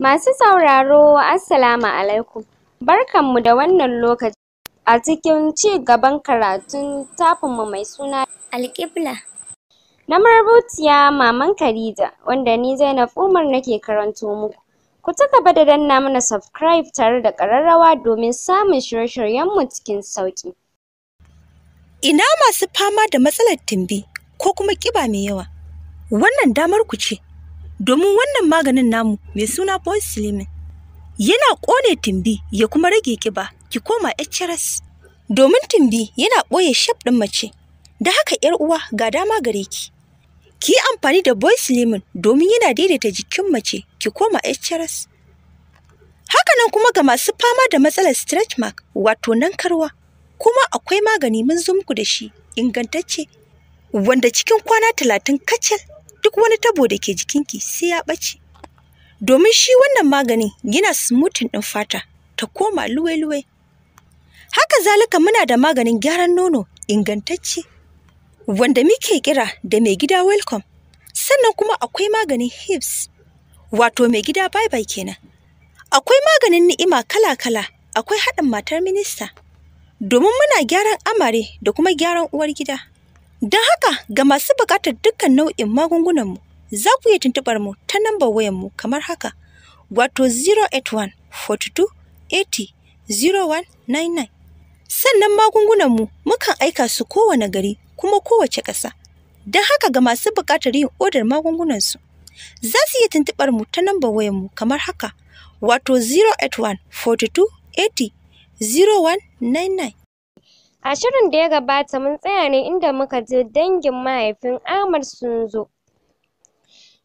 Masu sauraro Assalamu alaikum barkanmu da wannan lokaci a cikin ci gaban karatun tafinmu mai suna Alƙibla na marubuciya Maman Khadija wanda ni Zainab Umar nake karanto muku. Ku ci gaba da danna mana subscribe tare da ƙararrawa domin samun shirye-shiryenmu cikin sauƙi. Ina masu fama da matsalar timbi ko kuma ƙiba mai yawa, wannan damar ku ce. domin wannan maganin namu mai suna Bosulimin yana ƙone timbi ya kuma rage kiba, ki koma HRS domin timbi, yana ɓoye shaf ɗin mace da haka ‘yar uwa ga dama gare ki. Ki yi amfani da Bosulimin domin yana daidaita jikin mace ki koma HRS. Hakanan kuma ga masu fama da matsalar stretch mark wato nan karwa, kuma akwai magani mun zo muku da shi ingantacce wanda cikin kwana talatin kacal duk wani tabo da ke jikinki sai ya ɓace. Domin shi wannan magani yana smoothing ɗin fata ta koma luwai-luwai. Haka zalika muna da maganin gyaran nono ingantacce wanda muke kira da mai gida welcome. Sannan kuma akwai maganin hips wato mai gida bye-bye kenan. Akwai maganin ni'ima kala-kala akwai haɗin matar minista domin muna gyaran amare da kuma gyaran uwar gida. Don haka ga masu buƙatar dukkan nau'in magungunanmu za ku iya tuntuɓar mu ta nambar mu kamar haka wato 081 42 80 0199. Sannan mu mukan aika su kowane gari kuma kowace ƙasa. Don haka ga masu buƙatar yin odar magungunansu za su iya tuntuɓar mu ta nambar mu kamar haka wato 081 42 80 0199. A shirin da ya gabata mun tsaya ne inda muka je dangin mahaifin Ahmad sun zo.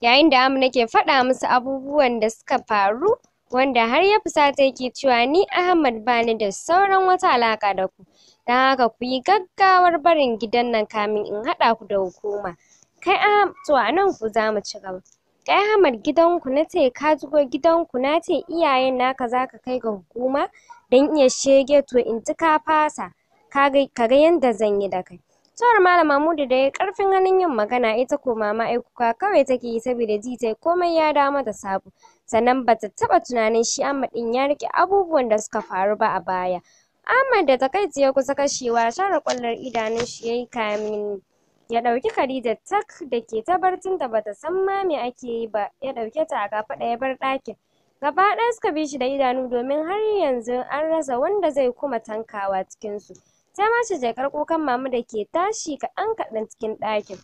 Yayin da Amina ke faɗa musu abubuwan da suka faru wanda har ya fusata yake cewa ni Ahmad bani da sauran wata alaƙa da ku. Don haka ku yi gaggawar barin gidan nan kamin in haɗa ku da hukuma. Kai Ahmad to a nan ku za mu ci gaba. Kai Ahmad gidanku na ce ka jigo gidanku na ce iyayen naka za ka kai ga hukuma don iya shege to in ji ka fasa. ka ga yadda zan yi da kai cewar malam Mahmudu da ya karfin hannun yin magana ita ko mama ai kawai take yi saboda ji tayi komai ya dawo mata sabo sannan bata taba tunanin shi Ahmad din ya rike abubuwan da suka faru ba a baya Ahmad da takaici ya kusa kashewa share kwallar idanun shi yayi kamin ya dauki Khadija tak da ke ta barcin da bata san ma me ake yi ba ya dauke ta a kafaɗa ya bar ɗakin gaba ɗaya suka bi shi da idanu domin har yanzu an rasa wanda zai kuma tankawa cikinsu ta mace jakar kukan mamu da ke tashi kaɗan kaɗan cikin ɗakin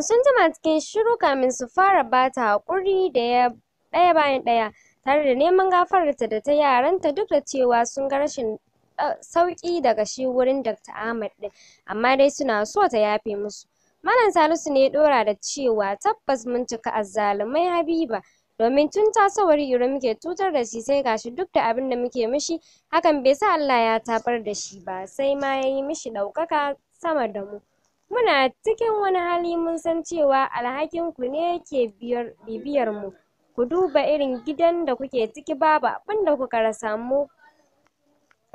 sun jima cikin shiru kamin su fara bata haƙuri da ya ɗaya bayan ɗaya tare da neman gafararta da ta yaranta duk da cewa sun ga rashin uh, sauƙi daga shi wurin Dr. Ahmad ɗin amma dai suna so ta yafe musu Malam Salisu ne ya ɗora da cewa tabbas mun cika azzalumai Habiba domin tun tasowar Iro muke tutar da shi sai gashi duk da abin da muke mishi hakan bai sa Allah ya tabar da shi ba sai ma ya yi mishi ɗaukaka sama da mu muna cikin wani hali mun san cewa alhakin ku ne ke bibiyar mu ku duba irin gidan da kuke ciki babu abin da kuka rasa mu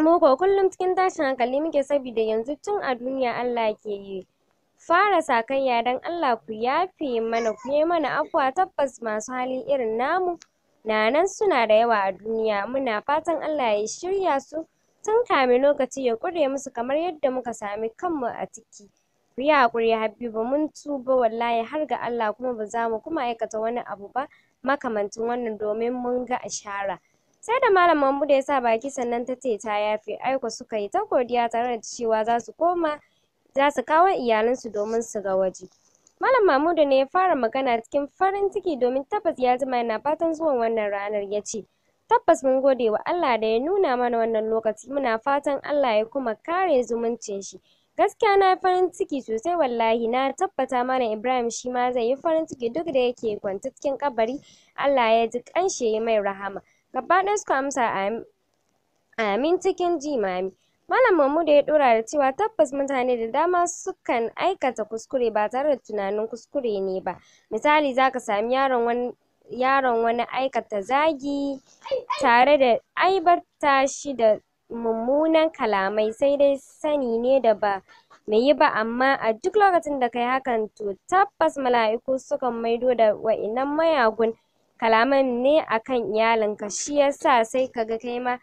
mu ko kullum cikin tashin hankali muke sabida yanzu tun a duniya Allah ke yi fara sakayya don Allah ku yafe mana ku yi mana afuwa tabbas masu hali irin namu na nan suna da yawa a duniya muna fatan Allah ya shirya su tun kame lokaci ya kure musu kamar yadda muka sami kanmu a ciki ku yi haƙuri Habibu mun tuba wallahi har ga Allah kuma ba za mu kuma aikata wani abu ba makamantin wannan domin mun ga ashara sai da malam Mahmud ya sa baki sannan ta ta yafe aiko suka yi ta godiya tare da cewa za su koma za su kawo iyalansu domin su ga waje. Malam Mahmudu ne ya fara magana cikin farin ciki domin tabbas ya jima yana fatan zuwan wannan ranar ya ce, Tabbas mun gode wa Allah da ya nuna mana wannan lokaci muna fatan Allah ya kuma kare zumuncin shi. Gaskiya na farin ciki sosai wallahi na tabbata mana Ibrahim shi ma zai yi farin ciki duk da yake kwanta cikin kabari Allah ya ji kanshe mai rahama. Gabaɗaya suka amsa amin cikin jimami. Malam Mahmud ya ɗora da cewa tabbas mutane da dama sukan aikata kuskure ba tare da tunanin kuskure ne ba. Misali za ka sami yaron wani yaron wani aikata zagi tare da aibata shi da mummunan kalamai sai dai sani ne da ba mai yi ba amma a duk lokacin da ka yi hakan to tabbas mala'iku sukan maido da wa'innan mayagun kalaman ne akan iyalinka shi yasa sai kaga kai ma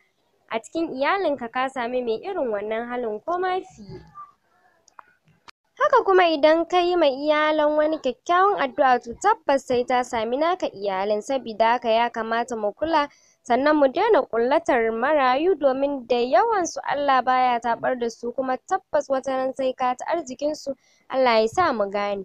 a cikin iyalinka ka sami mai irin wannan halin ko ma fiye haka kuma idan ka yi ma iyalan wani kyakkyawan addu'a to tabbas sai ta sami naka iyalin sabida haka ya kamata mu kula sannan mu daina ƙullatar marayu domin da yawan su Allah baya taɓar da su kuma tabbas wata ran sai ka ci arzikinsu Allah ya sa mu gane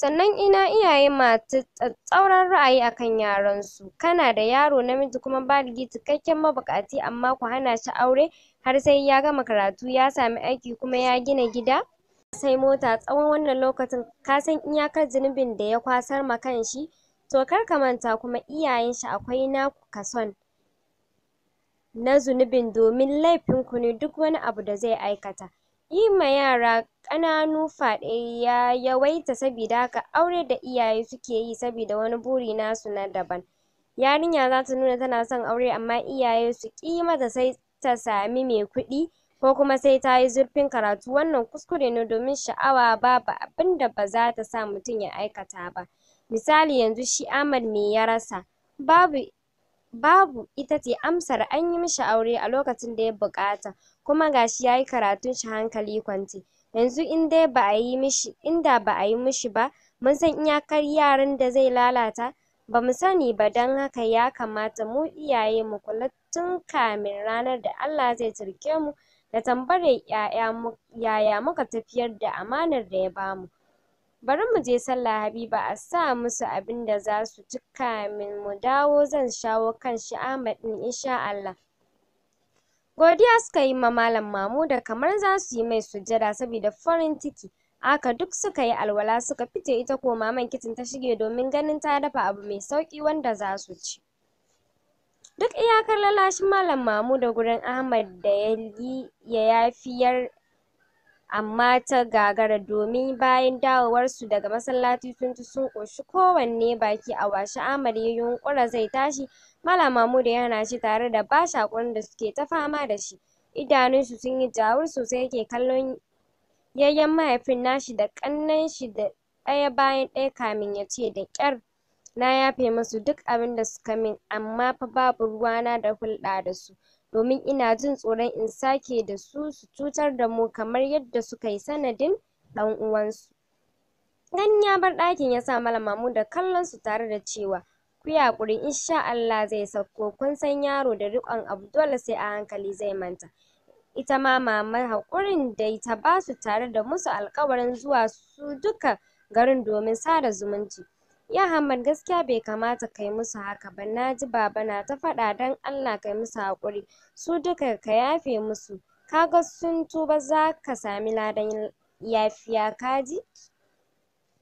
sannan ina iyaye masu tsatstsauran ra'ayi kan yaransu kana da yaro namiji kuma baligi cikakken mabuƙaci amma ku hana shi aure har sai ya gama karatu ya sami aiki kuma ya gina gida sai mota tsawon wannan lokacin ka san iyakar zunubin da ya kwasar ma kan shi. to kar ka manta kuma iyayen shi akwai naku kason na zunubin domin laifin ku ne duk wani abu da zai aikata yi ma yara ƙananu fyaɗe ya yawaita sabida haka aure da iyaye suke yi sabida wani buri nasu na daban yarinya zata nuna tana son aure amma iyaye su ƙi mata sai ta sami mai kuɗi ko kuma sai tayi zurfin karatu wannan kuskure ne domin sha'awa babu abinda bazata sa mutum ya aikata ba misali yanzu shi Ahmad me ya rasa babu babu itace amsar an yi mishi aure a lokacin da ya buƙata kuma gashi yayi karatun shi hankali kwance yanzu in dai a yi mishi inda a yi mishi ba mun san iyakar yaran da zai lalata Ba mu sani ba don haka ya kamata mu iyaye mu kula tun kamin ranar da Allah zai turke mu da tambayar mu yaya muka tafiyar da amanar da ya bamu bari mu je sallah Habiba a sa musu abinda su ci kamin mu dawo zan shawo kan shi Ahmad in insha Allah Godiya suka yi ma Malam Mamuda kamar za su yi mai sujjada saboda farin ciki. Haka duk suka yi alwala suka fice ita ko maman kicin ta shige domin ganin ta dafa abu mai sauƙi wanda za su ci. Duk iyakar lalashin Malam Mamuda gurin Ahmad da ya yi ya yafiyar amma ta gagara domin bayan dawowarsu daga masallaci sun ci sun ƙoshi kowanne baki a washe Ahmad ya yunƙura zai tashi Malam Mahmud yana shi tare da ba shakon da suke ta fama da shi idanunsu sun yi jawur sosai yake kallon yayyan mahaifin nashi da ƙannen shi da ɗaya bayan ɗaya kamin ya ce da ƙyar na yafe musu duk abin da suka min amma fa babu ruwana da hulɗa da su domin ina jin tsoron in sake da su su cutar da mu kamar yadda suka yi sanadin ɗan uwansu Gani ya bar ɗakin ya sa malam Mahmud da kallon su tare da cewa ku yi haƙuri insha Allah zai sauko kun san yaro da riƙon abu dole sai a hankali zai manta ita ma mama haƙurin da ta ba su tare da musu alƙawarin zuwa su duka garin domin sada zumunci Ya gaskiya bai kamata kai musu haka ba na ji baba na ta faɗa don Allah kai musu haƙuri su duka ka yafe musu kaga sun tuba za ka sami ladan yafiya ka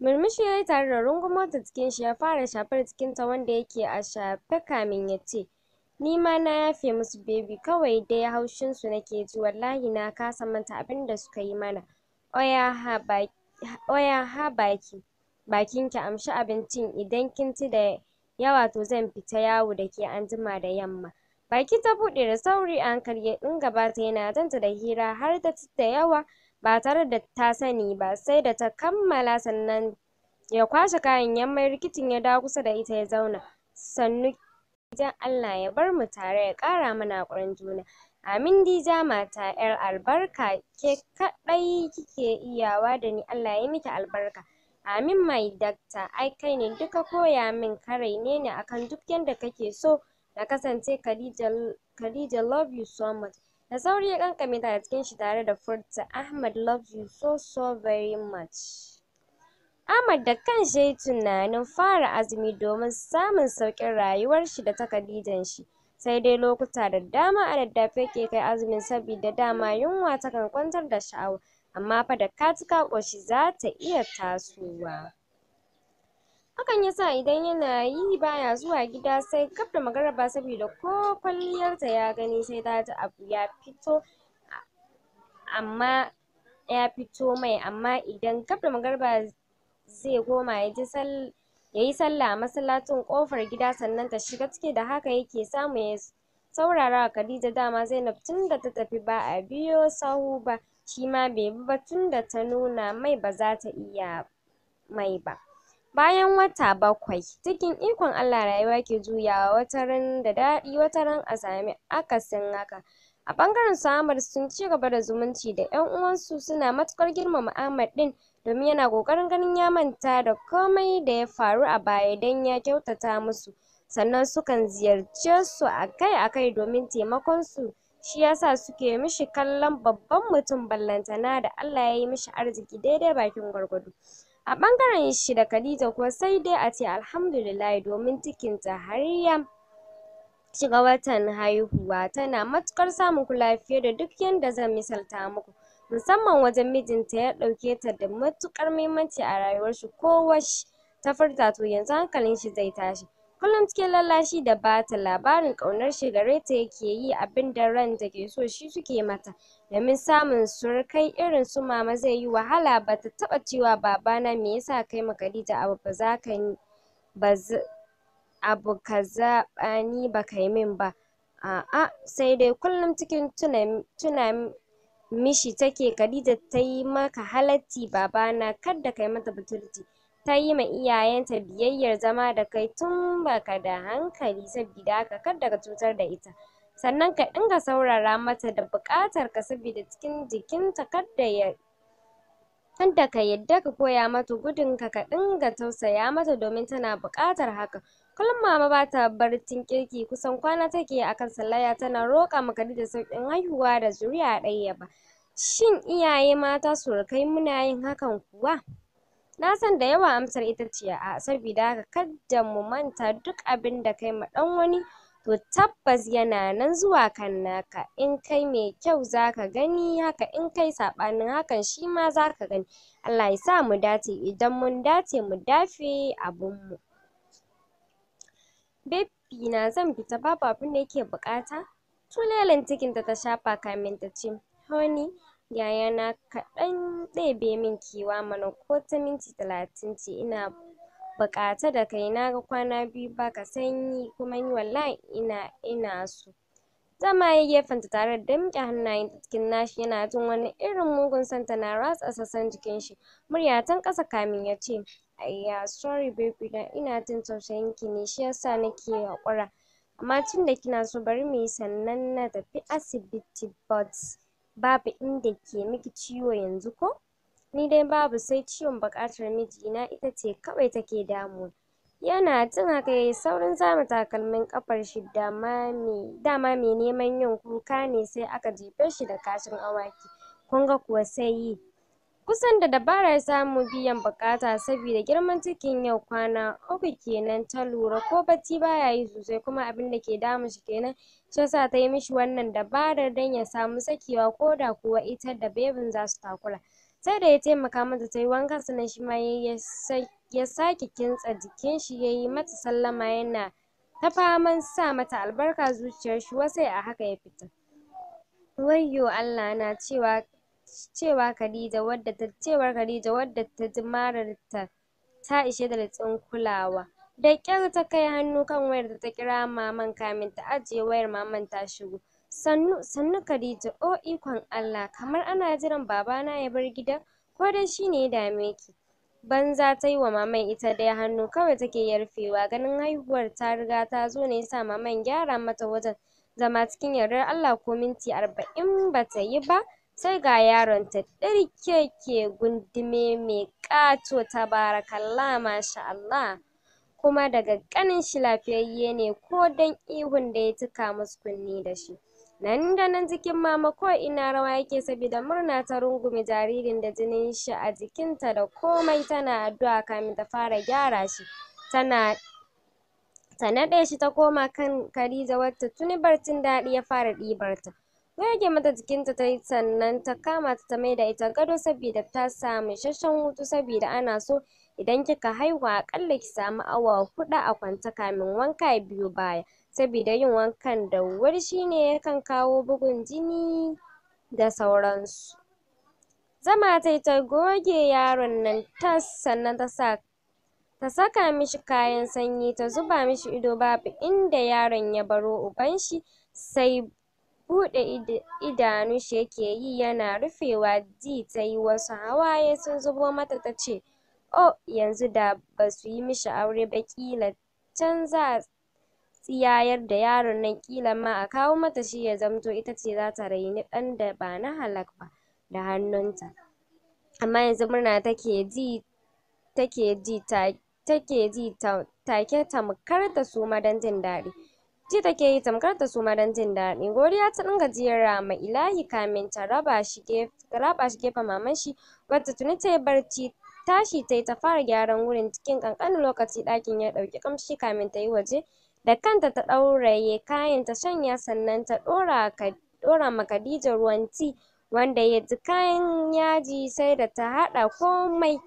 Murmushi ya yi tare da rungumo ta cikin shi ya fara shafar cikin ta wanda yake a shafe kamin ya ce ni ma na yafe musu bebi kawai dai haushinsu nake ji wallahi na kasa manta abin da suka yi mana oya ha baki bakin ki amshi abincin idan kin ci da yawa to zan fita yawo da ke anjima da yamma baki ta buɗe da sauri a hankali ya dinga bata yana danta da hira har da da yawa ba tare da ta sani ba sai da ta kammala sannan ya kwashe kayan ya rikicin ya dawo kusa da ita ya zauna sannu dan Allah ya bar mu tare ya ƙara mana ƙwarin juna amin dija mata 'yar albarka ke kaɗai kike iyawa da ni Allah ya miki albarka Amin mai doctor, ai kai ne duka koya min karai ne ne akan duk yanda kake so na kasance Khadija Khadija love you so much. Da sauri ya kankame ta cikin shi tare da furta Ahmad loves you so so very much. Ahmad da ya yi tunanin fara azumi domin samun sauƙin rayuwar shi da ta Khadijan shi. Sai dai lokuta da dama a daddafe ke kai azumin saboda dama yunwa takan kwantar da sha'awa. amma fa da ka ji ka ƙoshi za ta iya tasowa hakan ya sa idan yana yi baya zuwa gida sai gab da magariba saboda ko kwalliyarta ya gani sai ta ji abu ya fito amma ya fito mai amma idan gab da magariba zai koma ya ji sal ya yi sallah a masallacin ƙofar gida sannan ta shiga ciki da haka yake samu ya saurara wa Khadija dama Zainab tun da ta tafi ba a biyo sahu ba shima bai bi ba tunda ta nuna mai ba bazata iya mai ba bayan wata bakwai cikin ikon Allah rayuwa ke juyawa ran da daɗi wata ran a sami akasin haka a ɓangaren su Ahmad sun gaba da zumunci da ƴan uwansu suna matuƙar girmama Ahmad ɗin domin yana ƙoƙarin ganin ya manta da komai da ya faru a baya don ya kyautata musu sannan sukan ziyarce su akai-akai domin taimakon su shi yasa suke mishi kallon babban mutum ballantana da Allah ya yi mishi arziki daidai bakin gwargwado a ɓangaren shi da Khadija kuwa sai dai a ce Alhamdulillah domin cikinta har ya shiga watan haihuwa tana matuƙar samun kula fiye da duk yanda zan misalta muku musamman wajen mijinta ya ɗauke ta da matuƙar muhimmanci a rayuwar shi ko ta furta to yanzu hankalin shi zai tashi Kullum cikin lallashi da bata labarin ƙaunar shi gare ta yake yi abin da ran da ke so shi suke mata. Domin samun surukai irin su Mama zai yi wahala bata taba cewa babana me yasa kai ma Khadija abu za ka yi abu ba ni ka yi min ba. A'a sai dai kullum cikin tuna tuna mishi take Khadija yi maka halacci babana kadda kai mata butulci. ta yi ma iyayenta biyayyar zama da kai tun baka da hankali sabida haka kada ka cutar da ita sannan ka dinga saurara mata da buƙatar ka sabida cikin jikinta kada ya kada ka yadda ka koya mata gudun ka ka dinga tausaya mata domin tana buƙatar haka kullum mama ba ta barcin kirki kusan kwana take akan sallaya tana roƙa maka da sauƙin haihuwa da zuriya ɗaya ba shin iyaye mata su surukai muna yin hakan kuwa Na san da yawa amsar ita ce a sabida haka kada mu manta duk abin da kai ma ɗan wani to tabbas yana nan zuwa kan naka. In kai mai kyau zaka gani haka, in kai saɓanin hakan shi ma zaka gani. Allah ya sa mu dace, idan mun dace mu dafe mu. Baby na zan fita babu abin da yake buƙata. Tulelin cikinta ta shafa kamin ta ce honey yayana kaɗan ɗebe min kewa mana ko ta minti talatin ce ina buƙata da kai na ga kwana biyu ba ka sanyi kuma ni wallahi ina ina so zama ya gefenta tare da hannaye hannayenta cikin nashi yana jin wani irin mugun santa na ratsa sassan jikin shi murya tun ƙasa kamin ya ce ayya sorry baby na ina jin tausayin ki ne shi yasa nake haƙura amma tunda kina so bari mu yi sannan na tafi asibiti bots. babu inda ke miki ciwo yanzu ko ni dai babu sai ciwon buƙatar mijina ita ce kawai take damu yana jin haka yayi saurin zama takalmin ƙafar shi dama me dama me neman yin kuka ne sai aka jefe shi da kashin awaki kun ga kuwa sai yi kusan da dabarar samun biyan buƙata sabida girman cikin yau kwana uku kenan ta lura ko bacci baya yi sosai kuma abinda ke damun shi kenan shiyasa tayi mishi wannan dabarar don ya samu sakewa ko da kuwa ita da bebin zasu takura sai da ya taimaka mata tayi wanka sannan shima yayi ya sake kintsa jikin shi yayi mata sallama yana ta faman sa mata albarka zuciyar shi wasai a haka ya fita wayyo Allah na cewa cewa Khadija wadda ta cewar Khadija wadda ta ji mararta ta ishe da ritsin kulawa da kyar ta kai hannu kan wayar da ta kira maman kamin ta ajiye wayar maman ta shigo sannu sannu Khadija o ikon Allah kamar ana jiran babana ya bar gida? ko dai shine ya dame ki banza ta yi wa maman ita dai hannu kawai take yarfewa ganin haihuwar ta riga ta zo ne sa maman gyara mata wajen zama cikin yardar Allah ko minti arba'in bata yi ba sai ga ɗirke ke gundume mai ƙato ta barakalla, masha Allah kuma daga ganin shi lafiyayye ne ko dan ihun da ya cika musu kunne da shi nan da nan jikin mama ko ina rawa yake saboda murna ta rungume jaririn da jinin shi a jikinta da komai tana addu'a kamin ta fara gyara shi tana ta naɗe shi ta koma kan Khadija wacce tuni barcin daɗi ya fara ɗibarta. ya goge mata jikinta ta yi sannan ta kama ta ta da ita gado sabida ta samu isasshen hutu sabida ana so idan kika haihu ƙalla ki samu awa huɗu a kwanta kamin wanka ya biyo baya sabida yin wankan da wuri shine yakan kawo bugun jini da sauransu zama yi ta goge yaron nan tas sannan ta sa ta saka mishi kayan sanyi ta zuba mishi ido babu inda yaron ya baro uban shi sai Buɗe idanu shi yake yi yana rufewa ji ta yi wasu hawaye sun zubo mata ta ce, “Oh, yanzu da ba su yi mishi aure ba ƙila can za su tsiyayar da yaron nan ƙila ma a kawo mata shi ya zamto ita ce za ta raini ɗan da ba na halak ba da hannunta.” Amma yanzu murna take ji take ji take ji take tamkar ta suma dan jin daɗi. ji take yi tamkar ta su don jin daɗi godiya ta dinga jera mai ilahi kamin ta raba shi gefen maman shi wadda tuni ta yi barci tashi ta yi ta fara gyaran wurin cikin ƙanƙanin lokaci ɗakin ya ɗauki ƙamshi kamin ta yi waje da kanta ta ɗauraye kayan ta shanya sannan ta ɗora ma Khadija ruwan ti wanda ya ji kayan yaji sai da ta haɗa komai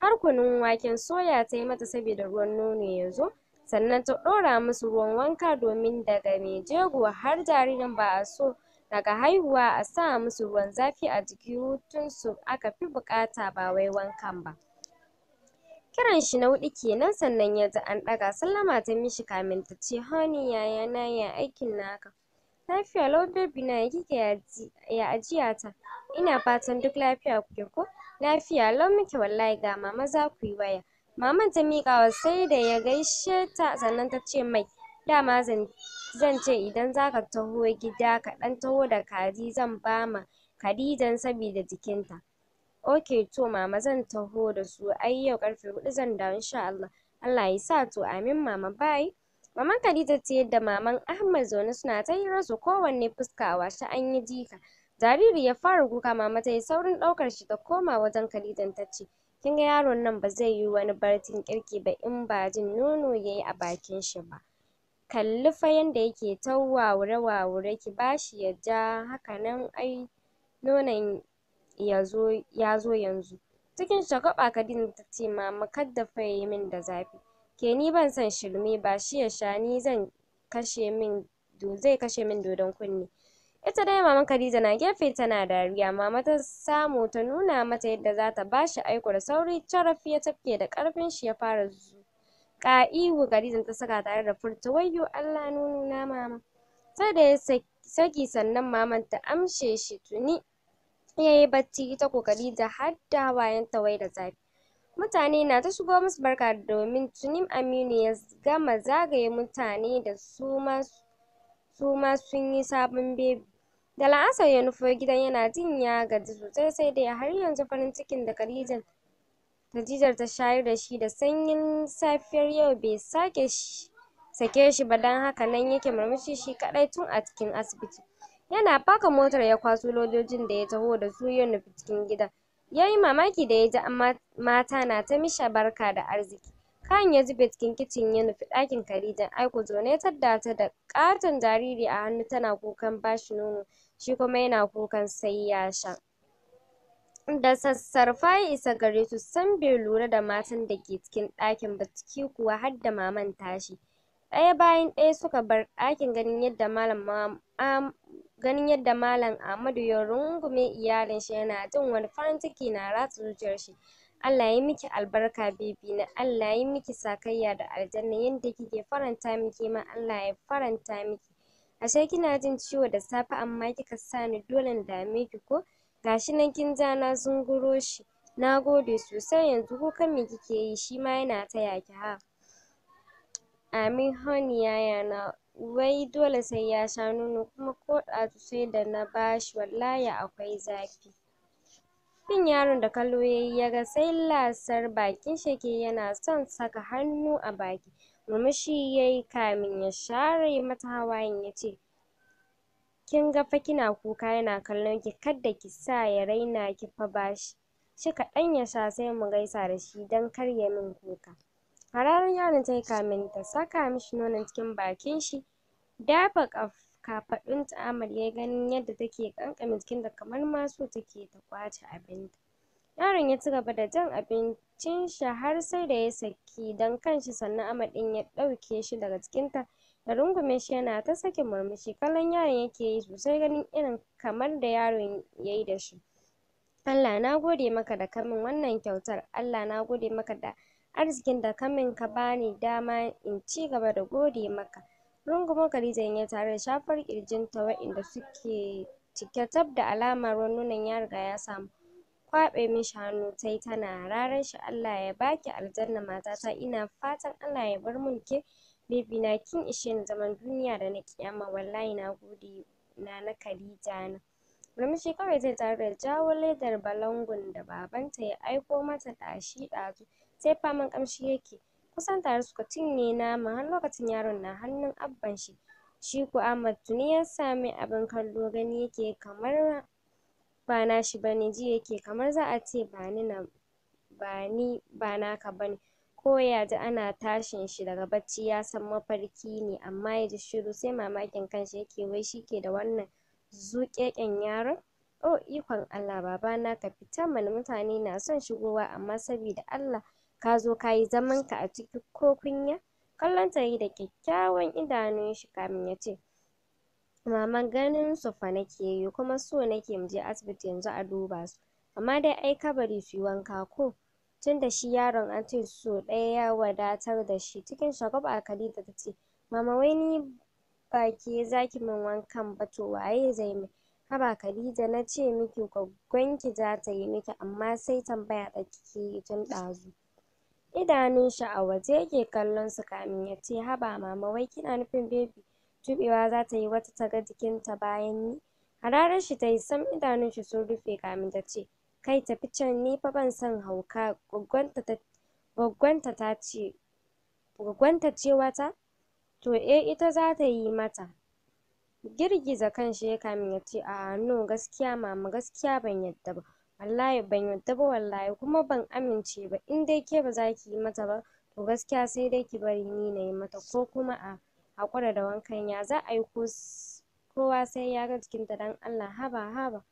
har kunun waken soya ta yi mata saboda ruwan nono ya zo sannan ta ɗora musu ruwan wanka domin daga mai jego har jaririn ba a so daga haihuwa a sa musu ruwan zafi a jiki hutun su aka fi buƙata ba wai wankan ba kiran shi na huɗu kenan sannan ya ji an ɗaga sallama ta mishi kamin ta ce honey yaya na ya aikin naka lafiya lau baby na ya kike ya ajiya ta ina fatan duk lafiya kuke ko lafiya lau muke wallahi ga mama za ku yi waya Maman ta miƙa wa sai da ya gaishe ta sannan ta ce mai dama zan zan ce idan zaka taho gida ka ɗan taho da kaji zan bama kadijan sabida jikinta. Ok to mama zan taho da su ai yau ƙarfe huɗu zan dawo insha Allah. Allah ya sa to amin mama bye. Maman Khadija ta yadda maman Ahmad zaune suna ta hira su kowanne fuska a washe an yi jika. Jariri ya fara kuka mama ta yi saurin ɗaukar shi ta koma wajen Khadijan ta ce kin ga yaron nan ba zai yi wani barcin kirki ba in ba jin nono ya yi a bakin shi ba kalli fa yanda yake ta wawure wawure ki bashi ya ja haka nan ai nonon ya zo yanzu cikin din ta tace mama kadda fa yi min da zafi ke ni ban son shirme ba shi ya sha ni zan kashe min zai kashe min dodon kunne ita dai maman Khadija na gefe tana dariya mama ta samu ta nuna mata yadda za ta bashi aiko da sauri carafi ya tafke da karfin shi ya fara zuƙa ihu Khadija ta saka tare da furta wayyo Allah nunu na mama sai da ya saki sannan maman ta amshe shi tuni ya yi bacci ta ko Khadija har da bayan ta wai da zafi mutane na ta shigo musu barka domin tuni Aminu ya gama zagaye mutane da su ma su ma sun yi sabon bebi Da la'asar ya nufo gidan yana jin ya gaji sosai sai dai har yanzu farin cikin da Khadijan Khadijar ta shayar da shi da sanyin safiyar yau bai sake sake shi ba don haka nan yake murmushi shi kadai tun a cikin asibiti. Yana faka motar ya kwaso lojojin da ya taho da su ya nufi cikin gidan. Ya yi mamaki da ya ji mata na ta misha barka da arziki. kan ya zube cikin kicin ya nufi ɗakin Khadijan aiko zaune ne tadda ta da ƙaton jariri a hannu tana kukan bashi nono. shi kuma yana kukan sai ya sha da sassarfa ya isa gare su san bai lura da matan da ke cikin ɗakin ba ciki kuwa har da maman tashi ɗaya bayan ɗaya suka bar ɗakin ganin yadda malam ganin Ahmadu ya rungume iyalin shi yana jin wani farin ciki na ratsa zuciyar shi Allah ya miki albarka bibi na Allah ya miki sakayya da aljanna yadda kike faranta miki ma Allah ya faranta miki ashe kina jin ciwo da safe amma kika sani dole in dame ki ko gashi nan kin ja na zunguro shi na gode sosai yanzu kukan me kike yi shi ma yana taya ki ha amin honey na wai dole sai ya sha nono kuma ko ɗazu sai da na bashi wallahi akwai zafi bin yaron da kallo yayi yaga sai lasar bakin shi yake yana son saka hannu a baki Murmushi yayi yi kamin ya share mata hawayen yace ce, Kin ga fa kina kuka yana kallon ki kada ki sa ya raina ki fa bashi. Shi kaɗan ya sha sai mu gaisa da shi don kar ya min kuka. Hararar yaron tayi kamin ta saka mishi nonon cikin bakin shi. Dafa kafaɗunta Ahmad ya yi ganin yadda take ƙanƙame ta kamar ma so take ta ƙwace abinta. Yaron ya cigaba da jan abin shi har sai da ya saki don kanshi sannan amaɗin ya ɗauke shi daga cikinta da rungume shi yana ta sakin murmushi kallon yaron yake yi sosai ganin irin kamar da yaron ya yi da shi Allah na gode maka da kamin wannan kyautar Allah na gode maka da arzikin da kamin ka bani dama in ci gaba da gode maka rungumo Khadija ya tare da shafar ta waɗanda suke cike tab da alamar ruwan nonon ya riga ya samu kwaɓe mishi hannu tayi tana rarar shi Allah ya baki aljanna matata ina fatan Allah ya bar mun ke bibi na kin ishe ni zaman duniya da na kiyama wallahi na gode na Khadija na murmushi kawai zai tare da jawo ledar balangun da babanta ya aiko mata ɗashi ɗazu sai faman ƙamshi yake kusan tare suka cinye naman har lokacin yaron na hannun abban shi shi ku Ahmad tuni ya sami abin kallo gani yake kamar ba nashi bane ji yake kamar za a ce bani na bani ba naka bane ko ya ji ana tashin shi daga bacci ya san mafarki ne amma ya ji shiru sai mamakin kanshi yake wai shi ke da wannan zuƙeƙen yaron o ikon Allah babana ka fita mana mutane na son shigowa amma sabida Allah ka zo ka yi ka a ciki ko kunya kallon yayi da kyakkyawan idanun shi kamin ya ce maman ganin su fa nake yi kuma so nake mu je asibiti yanzu a duba su. Amma dai ai ka bari su yi wanka ko? Tunda shi yaron an ce so ɗaya ya wadatar da shi. Cikin shagwaɓa Khadija ta ce, Mama wai ni ba ke za ki min wankan ba to waye zai min? Haba Khadija na ce miki gwaggonki za ta yi miki amma sai tambaya da ke tun ɗazu. Idanun shi a waje yake kallon su kamin ya haba mama wai kina nufin baby Tuɓewa za ta yi wata ta ga jikinta bayan ni. Hararar shi ta yi sam idanun shi sun rufe kamin ta ce, Kai tafi can ni fa ban son hauka, gwaggwanta ta ce, gwaggwanta ce wata? To eh ita za ta yi mata. Girgiza kanshi ya kamin ya ce, A'a no gaskiya mama gaskiya ban yadda ba. wallahi ban yadda ba wallahi kuma ban amince ba in dai ke ba za ki yi mata ba to gaskiya sai dai ki bari ni na yi mata ko kuma a haƙura da wankan ya za a yi kowa sai ya ga jikinta don Allah haba haba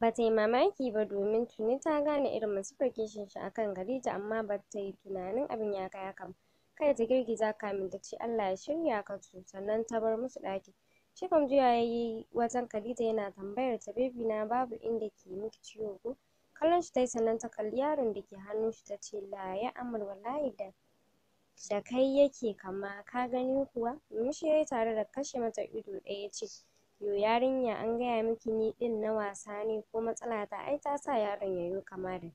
ba ta yi mamaki ba domin tuni ta gane irin masu kishin shi akan ta amma ba ta yi tunanin abin ya kai haka ba kai ta girgiza kamin ta ce Allah ya shirya ka to sannan ta bar musu ɗaki shi kam juya ya yi wajen Khadija yana tambayar ta baby na babu inda ke miki ciwo ko kallon shi ta yi sannan ta kalli yaron da ke hannun shi ta ce la ya amal wallahi da da kai yake kama ka gani kuwa murmushi yayi tare da kashe mata ido ɗaya yace yo yarinya an gaya miki ni ɗin na wasa ne ko matsala ta ai ta sa yaron yayo kama da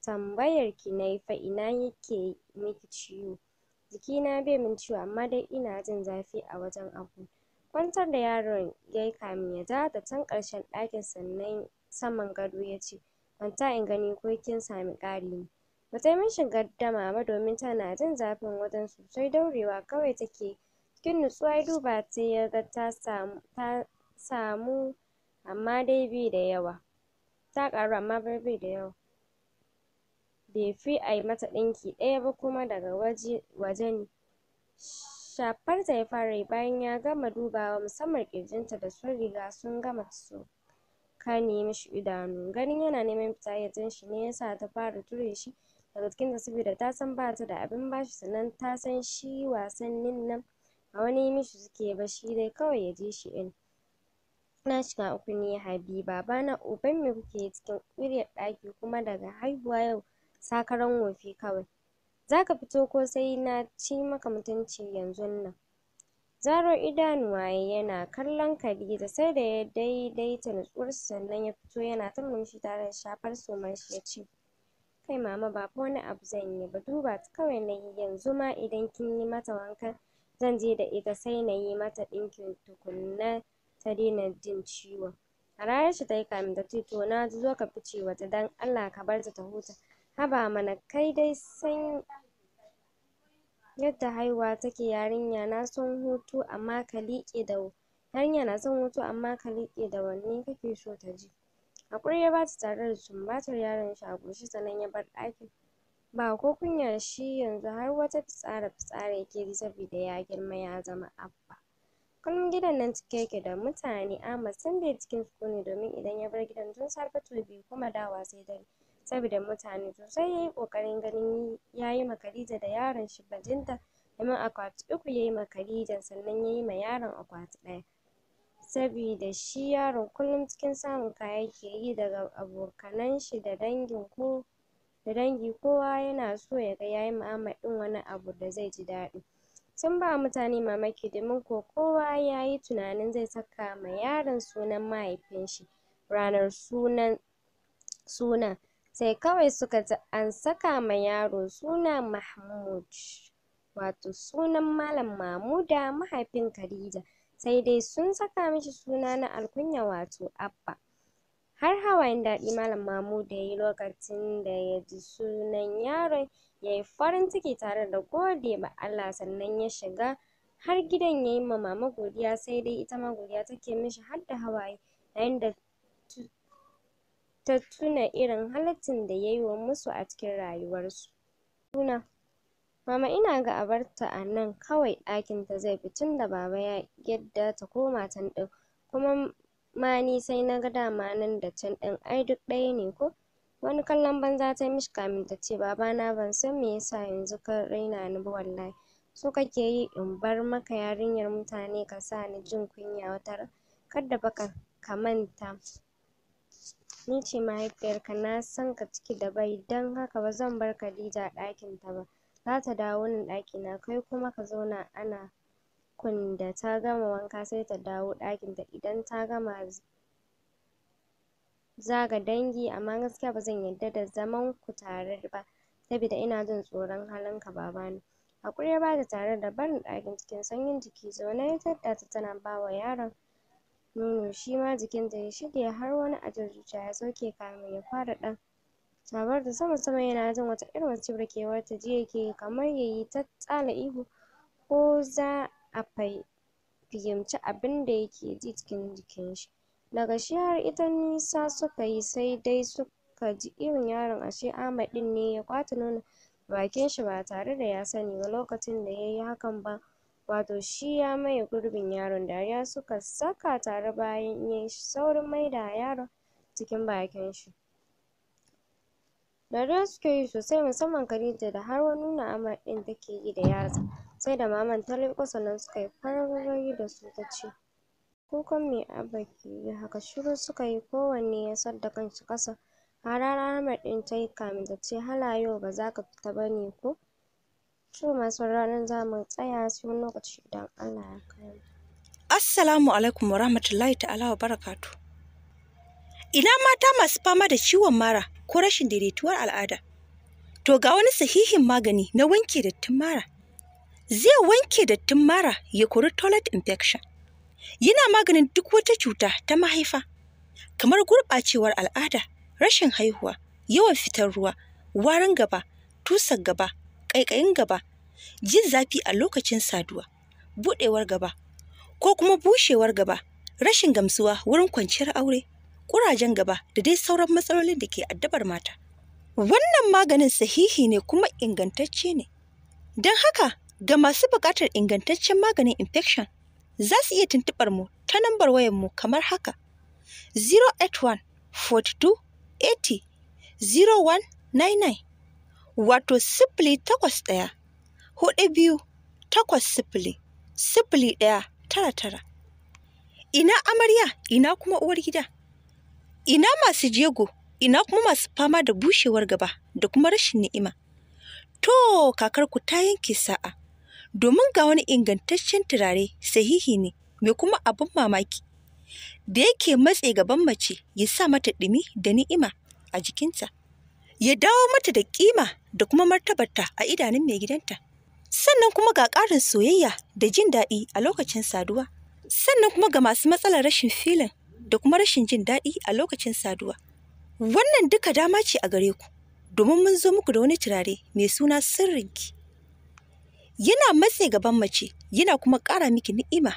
tambayar ki nayi fa ina yake miki ciwo jikina bai min ciwo amma dai ina jin zafi a wajen abu kwantar da yaron yayi kamin ya dawo da can ƙarshen ɗakin sannan saman gado yace kwanta in gani ko kin sami ƙari ne Ba ta yi mishi gardama ba domin tana jin zafin wajen sosai daurewa kawai take cikin nutsuwa ya duba ta ya ta samu amma dai bai da yawa ta ƙaru amma bai da yawa. Bai fi a yi mata ɗinki ɗaya ba kuma daga waje waje ne. Shafar ta ya fara yi bayan ya gama dubawa musamman ƙirjinta da sun riga sun gama nemi mishi idanu. Ganin yana neman fita ya shi ne ya sa ta fara ture shi. daga cikinta saboda ta san ba ta da abin bashi sannan ta san shi wasannin nan A wani mishi suke ba shi dai kawai ya je shi in na shiga uku ne Habiba bana uban me kuke cikin ƙuryar ɗaki kuma daga haihuwa yau sakaran wofi kawai zaka fito ko sai na ci maka mutunci yanzun nan zaro waye yana kallon Khadija sai da ya daidaita nutsuwarsa sannan ya fito yana ta murmushi tare da shafar sumar shi ya ce kai mama ba wani abu zan yi ba duba ta kawai na yi yanzu ma idan kin yi mata wanka zan je da ita sai na yi mata ɗinkin tukunna ta daina jin ciwon harare shi ta yi kamin ta to na zo ka fice waje dan Allah ka bar ta ta huta haba mana kai dai san yadda haihuwa take yarinya na son hutu amma ka liƙe da yarinya na son hutu amma ka liƙe da wanne kake so ta ji? Haƙuri ya bata tare da sumbatar yaron shi a goshi sannan ya bar ɗakin. Ba ko kunya shi yanzu har wata fitsara-fitsara yake ji saboda ya girma ya zama abba. Kullum gidan nan cike yake da mutane amma sun bai cikin sukuni domin idan ya bar gidan tun safe to bai kuma dawa sai dare saboda mutane sosai ya yi ƙoƙarin ganin ya yi ma Khadija da yaron shi bajinta domin akwati uku ya yi ma Khadijan sannan ya yi ma yaron akwati ɗaya. sabida shi yaron kullum cikin samun kaya yake yi daga abokanan shi da dangin ko da dangi kowa yana so ya ga yayi mu'amala ɗin wani abu da zai ji daɗi tun ba mutane mamaki domin ko kowa yayi tunanin zai saka ma yaron sunan mahaifin shi ranar sunan sunan sai kawai suka ji an saka ma yaro suna Mahmud wato sunan Malam Mamuda mahaifin Khadija sai dai sun saka mishi suna na alkunya wato Abba. Har hawayen daɗi Malam da ya yi lokacin da ya ji sunan yaron ya yi farin ciki tare da gode ba Allah sannan ya shiga har gidan ya yi ma mama godiya sai dai ita ma godiya take mishi har da hawaye yayin da ta tuna irin halittun da ya yi wa musu a cikin rayuwarsu. Suna. Mama ina ga abarta barta a nan kawai ɗakinta zai fi tunda Baba ya yadda ta koma can ɗin kuma ma ni sai na ga dama nan da can ɗin ai duk ɗaya ne ko. Wani kallon banza ta mishi kamin ta ce Babana ban san me yasa yanzu ka raina ni ba wallahi. So kake yi in bar maka yarinyar mutane ka sa ni jin kunya wata ran. Kar da fa ka manta ni ce mahaifiyarka na san ka ciki da bai don haka ba zan bar Khadija a ɗakinta ba. zata dawo nan na kai kuma ka zauna ana kun da ta gama wanka sai ta dawo ɗakin ta idan ta gama zaga dangi amma gaskiya bazan yadda da zaman ku tare ba sabida ina jin tsoron halin ka babana haƙuri ya bata tare da barin ɗakin cikin sanyin jiki zaune ya tadda ta tana bawa yaron nono shima jikin jikinta ya shirya har wani ajin zuciya ya sauke kamin ya fara ɗan Babar da sama-sama yana jin wata irin masifar ta ji yake kamar ya yi ta tsala ihu ko za a fahimci abin da yake ji cikin jikin shi. Daga shi har ita nisa suka yi sai dai suka ji irin yaron ashe Ahmad ɗin ne ya nuna bakin shi ba tare da ya sani ba lokacin da ya yi hakan ba wato shi ya maye gurbin yaron. Dariya suka saka tare bayan ya yi saurin maida yaron cikin bakin shi. Dariya suke yi sosai musamman Khadija da har wani nuna amar ɗin take yi da yatsa. Sai da maman ta leƙo sannan suka yi da su ta ce, kukan me Abba ke yi haka? Shiru suka yi kowanne ya sar da kanshi ƙasa. Harara Ahmad ɗin ta yi kamin ta ce hala yau ba za ka fita ba ne ko? To masu ranar za mu tsaya sai wani lokaci idan Allah ya kai Assalamu alaikum wa rahmatullahi ta'ala wa barakatu. Ina mata masu fama da ciwon mara ko rashin daidaituwar al'ada. To ga wani sahihin magani na wanke dattin mara. Zai wanke dattin mara ya kori toilet infection. Yana maganin duk wata cuta ta mahaifa, kamar gurɓacewar al'ada, rashin haihuwa, yawan fitar ruwa, warin gaba, tusar gaba, ƙaiƙayin gaba, jin zafi a lokacin saduwa, buɗewar gaba, ko kuma bushewar gaba, rashin gamsuwa wurin kwanciyar aure. ƙurajen gaba da dai sauran matsalolin da ke addabar mata. Wannan maganin sahihi ne kuma ingantacce ne. Don haka ga masu buƙatar ingantaccen maganin infection za su iya tuntuɓar mu ta nambar wayar mu kamar haka 081 42 80 0199 wato sifili takwas ɗaya hudu biyu takwas sifili sifili ɗaya tara tara ina amarya ina kuma uwar gida Ina masu jego, ina kuma masu fama da bushewar gaba da kuma rashin ni'ima. To, kakarku ta yanke sa'a, domin ga wani ingantaccen turare sahihi ne mai kuma abin mamaki, da yake matse gaban mace ya sa mata ɗumi da ni'ima a jikinta, ya dawo mata da kima da kuma martabarta a idanun mai gidanta. Sannan kuma ga ƙarin soyayya da jin daɗi a lokacin saduwa, sannan kuma ga masu matsalar rashin filin da kuma rashin jin daɗi a lokacin saduwa. Wannan duka dama ce a gare ku, domin mun zo muku da wani turare mai suna sirrinki. Yana matse gaban mace, yana kuma ƙara miki ni'ima.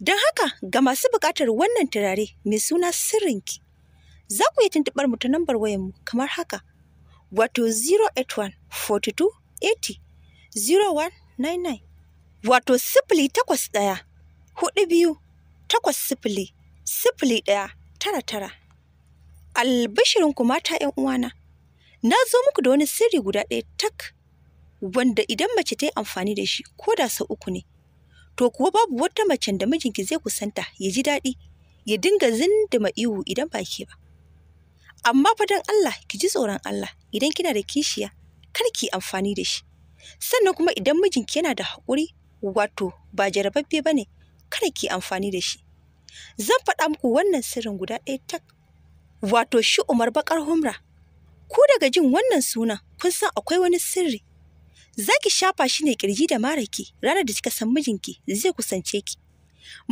Don haka ga masu buƙatar wannan turare mai suna sirrinki, za ku yi tuntuɓar mu ta nambar wayanmu kamar haka, wato 081 42 80 0199 wato sifili takwas ɗaya hudu biyu takwas sifili sifili ɗaya tara tara. Albishirinku mata ‘yan uwana, na zo muku da wani sirri guda ɗaya tak wanda idan mace ta yi amfani da shi ko da sau uku ne, to kuwa babu wata mace da mijinki zai kusanta ya ji daɗi ya dinga zindima ihu idan ba ke ba. Amma fadan Allah ki ji tsoron Allah idan kina da kishiya kar ki amfani da shi. Sannan kuma idan mijinki yana da haƙuri wato ba jarababbe ba ne kada ki amfani da shi zan faɗa muku wannan sirrin guda ɗaya tak wato shi umar bakar humra ku daga jin wannan sunan kun san akwai wani sirri za ki shafa shi ne kirji da maraki ranar da kika san mijinki zai kusance ki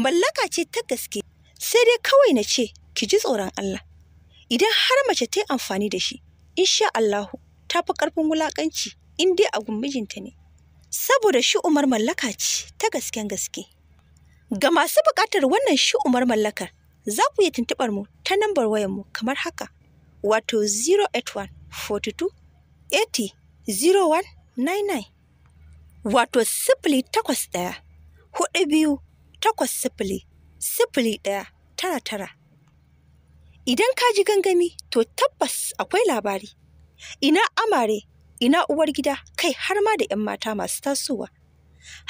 mallaka ce ta gaske sai dai kawai na ce ki ji tsoron Allah idan har mace ta yi amfani da shi insha Allahu ta fi ƙarfin wulaƙanci in dai a mijinta ne saboda shi umar mallaka ce ta gasken gaske Ga masu buƙatar wannan shi umar mallakar, za ku iya tuntuɓar mu ta nambar mu kamar haka, wato 081 42 80 0199 wato sifili takwas ɗaya, huɗu biyu takwas sifili, sifili tara tara. Idan ka ji gangami to tabbas akwai labari. Ina amare, ina uwar gida kai har ma da ‘yan mata masu tasowa.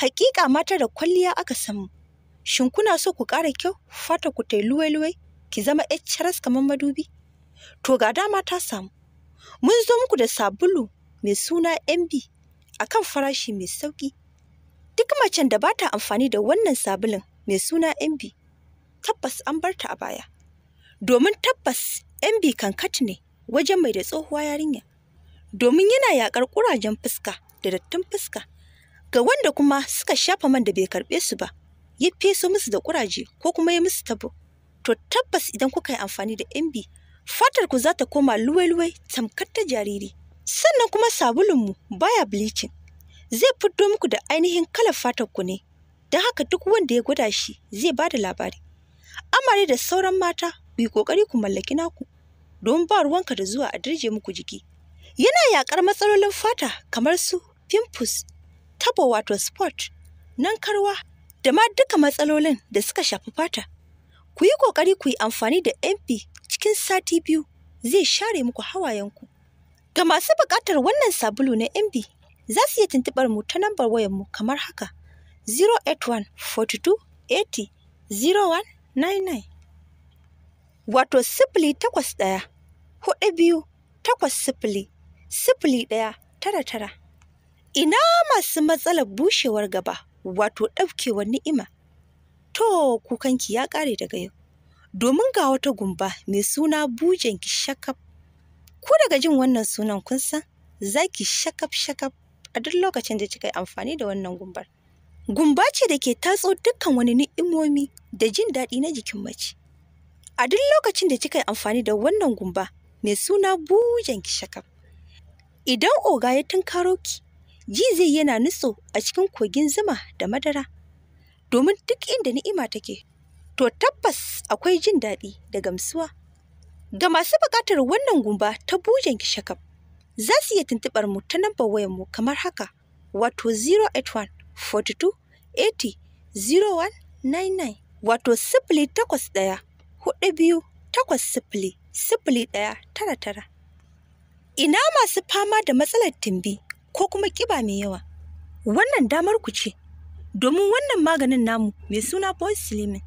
Haƙiƙa mata da kwalliya aka samu. Shin kuna so ku ƙara kyau, fata ku tai luwai-luwai, ki zama HRS kamar madubi? To ga dama ta samu. Mun zo muku da sabulu mai suna MB a kan farashi mai sauƙi. Duk macen da ba ta amfani da wannan sabulun mai suna MB, tabbas an bar ta a baya. Domin tabbas MB kan kati ne wajen mai da tsohuwa yarinya. Domin yana yaƙar ƙurajen fuska da dattin fuska ga wanda kuma suka shafa man da bai karɓe su ba. ya feso musu da kuraje ko kuma ya musu tabo to tabbas idan kuka yi amfani da mb fatar ku za ta koma luwai-luwai tamkar ta jariri sannan kuma sabulun mu baya bleaching zai fito muku da ainihin kalar fatar ku ne don haka duk wanda ya gwada shi zai ba da labari amare da sauran mata ku yi kokari ku mallaki naku don ba ruwanka da zuwa a dirje muku jiki yana yaƙar matsalolin fata kamar su pimples tabo wato spot nan karwa da ma duka matsalolin da suka shafi fata. Ku yi ƙoƙari ku yi amfani da MP cikin sati biyu zai share muku hawayenku. Ga masu buƙatar wannan sabulu na MP za su iya tuntuɓar mu ta nambar wayarmu kamar haka 081 42 80 99 wato sifili takwas ɗaya hudu biyu takwas sifili sifili ɗaya tara tara ina masu matsalar bushewar gaba wato ɗaukewar ni'ima. To kukanki ya ƙare daga yau, domin ga wata gumba mai suna ki shakaf. Ku daga jin wannan sunan kun san za ki shakaf shakaf a duk lokacin da kika yi amfani da wannan gumbar. Gumba ce da ke tatso dukkan wani ni'imomi da jin daɗi na jikin mace. A duk lokacin da kika yi amfani da wannan gumba mai suna ki shakaf. Idan oga ya tunkaro ki, ji yana nutso a cikin kogin zuma da madara domin duk inda ni'ima take to tabbas akwai jin daɗi da gamsuwa ga masu buƙatar wannan gumba ta bujen kishakam, za su iya tuntuɓar mu ta nambar wayar mu kamar haka wato 081 42 80 0199 wato sifili takwas ɗaya hudu biyu takwas sifili sifili ɗaya tara tara ina masu fama da matsalar timbi ko kuma ƙiba mai yawa wannan damar ku ce domin wannan maganin namu mai suna slimming.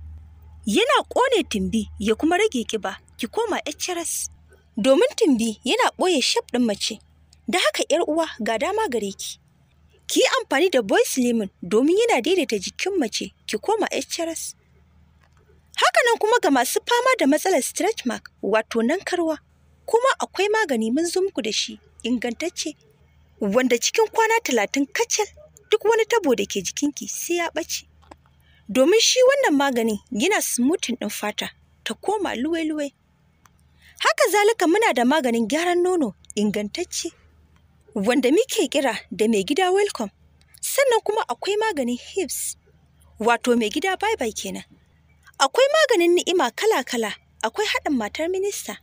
yana ƙone tumbi ya kuma rage ƙiba ki koma HRS domin tumbi yana ɓoye shaf ɗin mace da haka ‘yar uwa ga dama gare ki ki yi amfani da slimming domin yana daidaita jikin mace ki koma HRS hakanan kuma ga masu fama da matsalar stretch mark wato nan karwa kuma akwai magani mun zo muku da shi ingantacce wanda cikin kwana talatin kacal duk wani tabo da ke jikinki sai ya ɓace. Domin shi wannan maganin gina smoothing ɗin fata ta koma luwe-luwe. Haka zalika muna da maganin gyaran nono ingantacce wanda muke kira da mai gida welcome. Sannan kuma akwai maganin hips wato mai gida bye kenan. Akwai maganin ni'ima kala-kala akwai haɗin matar minista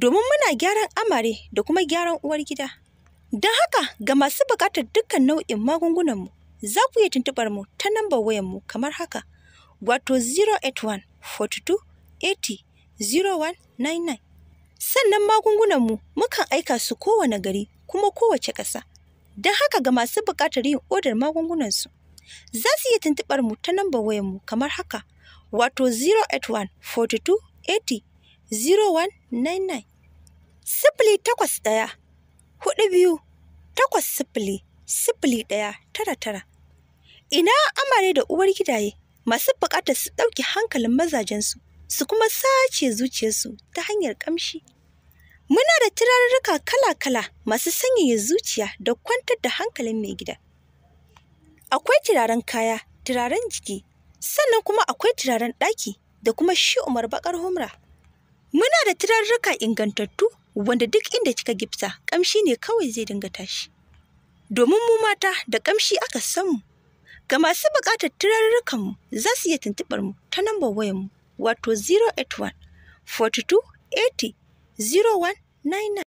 domin muna gyaran amare da kuma gyaran uwar gida. Don haka ga masu buƙatar dukkan nau'in magungunanmu za ku iya tuntuɓar mu ta nambar wayanmu kamar haka wato 081 42 80 0199. Sannan magungunanmu mukan aika su kowane gari kuma kowace ƙasa. Don haka ga masu buƙatar yin odar magungunansu za su iya tuntuɓar mu ta nambar wayanmu kamar haka wato 081 42 80 0199. Sifili takwas ɗaya hudu biyu takwas sifili sifili ɗaya tara tara ina amare da uwar gidaye masu buƙatar su ɗauki hankalin mazajensu su kuma sace zuciyarsu ta hanyar ƙamshi muna da turarruka kala-kala masu sanyaya zuciya da kwantar da hankalin mai gida akwai turaren kaya turaren jiki sannan kuma akwai turaren ɗaki da kuma shi umar bakar humra muna da turarruka ingantattu wanda duk inda kika gifta kamshi ne kawai zai dinga tashi. Domin mu mata da kamshi aka samu, ga masu buƙatar turarrukan mu za su iya tuntuɓar mu ta nambar wayar mu wato 081 42 80 0199.